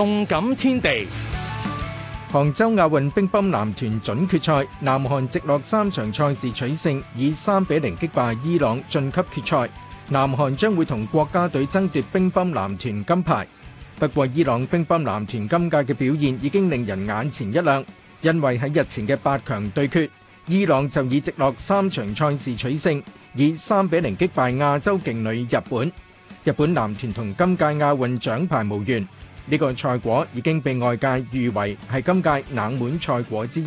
動感天地，杭州亞運乒乓男團準決賽，南韓直落三場賽事取勝，以三比零擊敗伊朗晉級決賽。南韓將會同國家隊爭奪乒乓男團金牌。不過，伊朗乒乓男團今屆嘅表現已經令人眼前一亮，因為喺日前嘅八強對決，伊朗就以直落三場賽事取勝，以三比零擊敗亞洲勁旅日本。日本男團同今屆亞運獎牌無緣。呢個賽果已經被外界譽為係今屆冷門賽果之一。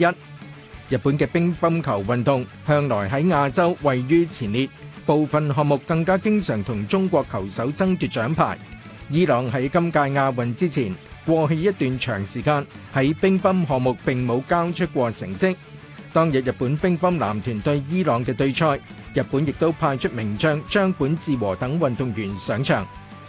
日本嘅乒乓球運動向來喺亞洲位於前列，部分項目更加經常同中國球手爭奪獎牌。伊朗喺今屆亞運之前，過去一段長時間喺乒乓項目並冇交出過成績。當日日本乒乓男團對伊朗嘅對賽，日本亦都派出名將張本智和等運動員上場。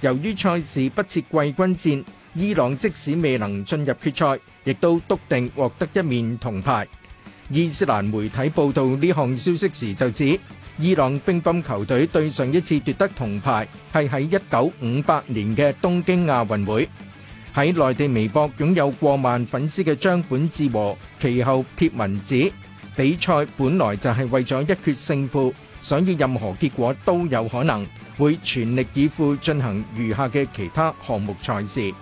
由於賽事不設季軍戰，伊朗即使未能進入決賽，亦都篤定獲得一面銅牌。伊斯蘭媒體報道呢項消息時就指，伊朗乒乓球隊對上一次奪得銅牌係喺一九五八年嘅東京亞運會。喺內地微博擁有過萬粉絲嘅張本智和其後貼文指，比賽本來就係為咗一決勝負。想要任何結果都有可能會全力以赴進行餘下嘅其他項目賽事。